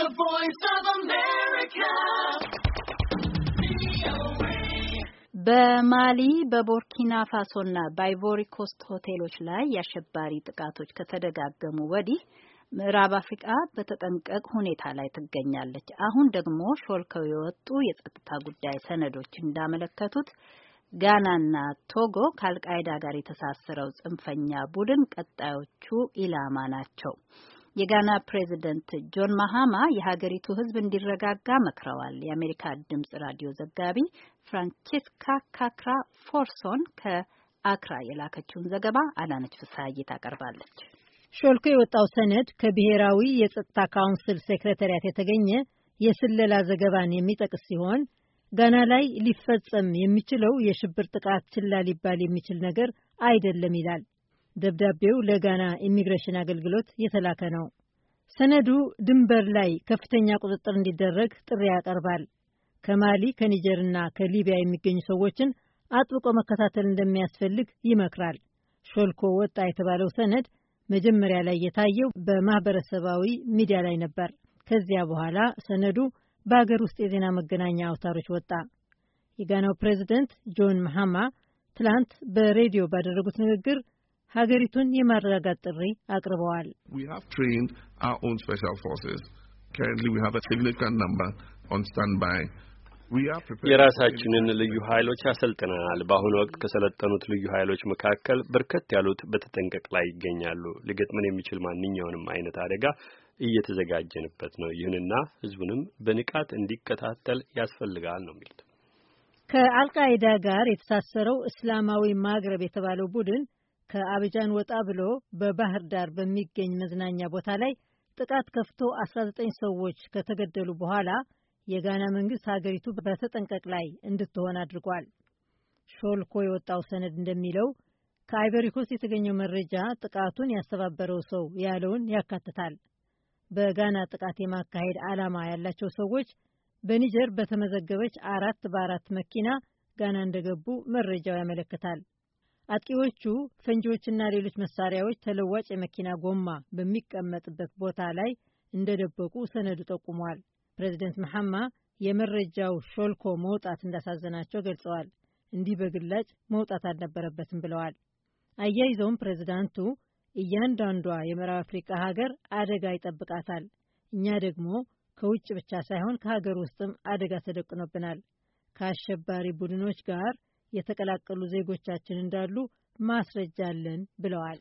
The Voice of America. በማሊ በቦርኪና ፋሶና በአይቮሪኮስት ሆቴሎች ላይ የአሸባሪ ጥቃቶች ከተደጋገሙ ወዲህ ምዕራብ አፍሪቃ በተጠንቀቅ ሁኔታ ላይ ትገኛለች። አሁን ደግሞ ሾልከው የወጡ የጸጥታ ጉዳይ ሰነዶች እንዳመለከቱት ጋናና ቶጎ ከአልቃይዳ ጋር የተሳሰረው ጽንፈኛ ቡድን ቀጣዮቹ ኢላማ ናቸው። የጋና ፕሬዚደንት ጆን ማሃማ የሀገሪቱ ሕዝብ እንዲረጋጋ መክረዋል። የአሜሪካ ድምጽ ራዲዮ ዘጋቢ ፍራንቼስካ ካክራ ፎርሶን ከአክራ የላከችውን ዘገባ አዳነች ፍስሀዬ ታቀርባለች። ሾልኮ የወጣው ሰነድ ከብሔራዊ የጸጥታ ካውንስል ሴክሬታሪያት የተገኘ የስለላ ዘገባን የሚጠቅስ ሲሆን ጋና ላይ ሊፈጸም የሚችለው የሽብር ጥቃት ችላ ሊባል የሚችል ነገር አይደለም ይላል። ደብዳቤው ለጋና ኢሚግሬሽን አገልግሎት የተላከ ነው። ሰነዱ ድንበር ላይ ከፍተኛ ቁጥጥር እንዲደረግ ጥሪ ያቀርባል። ከማሊ ከኒጀርና ከሊቢያ የሚገኙ ሰዎችን አጥብቆ መከታተል እንደሚያስፈልግ ይመክራል። ሾልኮ ወጣ የተባለው ሰነድ መጀመሪያ ላይ የታየው በማህበረሰባዊ ሚዲያ ላይ ነበር። ከዚያ በኋላ ሰነዱ በአገር ውስጥ የዜና መገናኛ አውታሮች ወጣ። የጋናው ፕሬዚደንት ጆን መሃማ ትላንት በሬዲዮ ባደረጉት ንግግር ሀገሪቱን የማረጋጋት ጥሪ አቅርበዋል። የራሳችንን ልዩ ኃይሎች አሰልጥነናል። በአሁኑ ወቅት ከሰለጠኑት ልዩ ኃይሎች መካከል በርከት ያሉት በተጠንቀቅ ላይ ይገኛሉ። ሊገጥመን የሚችል ማንኛውንም አይነት አደጋ እየተዘጋጀንበት ነው። ይሁንና ህዝቡንም በንቃት እንዲከታተል ያስፈልጋል ነው የሚሉት። ከአልቃይዳ ጋር የተሳሰረው እስላማዊ ማግረብ የተባለው ቡድን ከአብጃን ወጣ ብሎ በባህር ዳር በሚገኝ መዝናኛ ቦታ ላይ ጥቃት ከፍቶ 19 ሰዎች ከተገደሉ በኋላ የጋና መንግስት ሀገሪቱ በተጠንቀቅ ላይ እንድትሆን አድርጓል። ሾልኮ የወጣው ሰነድ እንደሚለው ከአይቨሪኮስት የተገኘው መረጃ ጥቃቱን ያስተባበረው ሰው ያለውን ያካትታል። በጋና ጥቃት የማካሄድ ዓላማ ያላቸው ሰዎች በኒጀር በተመዘገበች አራት በአራት መኪና ጋና እንደገቡ መረጃው ያመለክታል። አጥቂዎቹ ፈንጂዎችና ሌሎች መሳሪያዎች ተለዋጭ የመኪና ጎማ በሚቀመጥበት ቦታ ላይ እንደደበቁ ሰነዱ ጠቁሟል። ፕሬዚደንት መሐማ የመረጃው ሾልኮ መውጣት እንዳሳዘናቸው ገልጸዋል። እንዲህ በግላጭ መውጣት አልነበረበትም ብለዋል። አያይዘውም ፕሬዚዳንቱ እያንዳንዷ የምዕራብ አፍሪቃ ሀገር አደጋ ይጠብቃታል፣ እኛ ደግሞ ከውጭ ብቻ ሳይሆን ከሀገር ውስጥም አደጋ ተደቅኖብናል ከአሸባሪ ቡድኖች ጋር የተቀላቀሉ ዜጎቻችን እንዳሉ ማስረጃ አለን ብለዋል።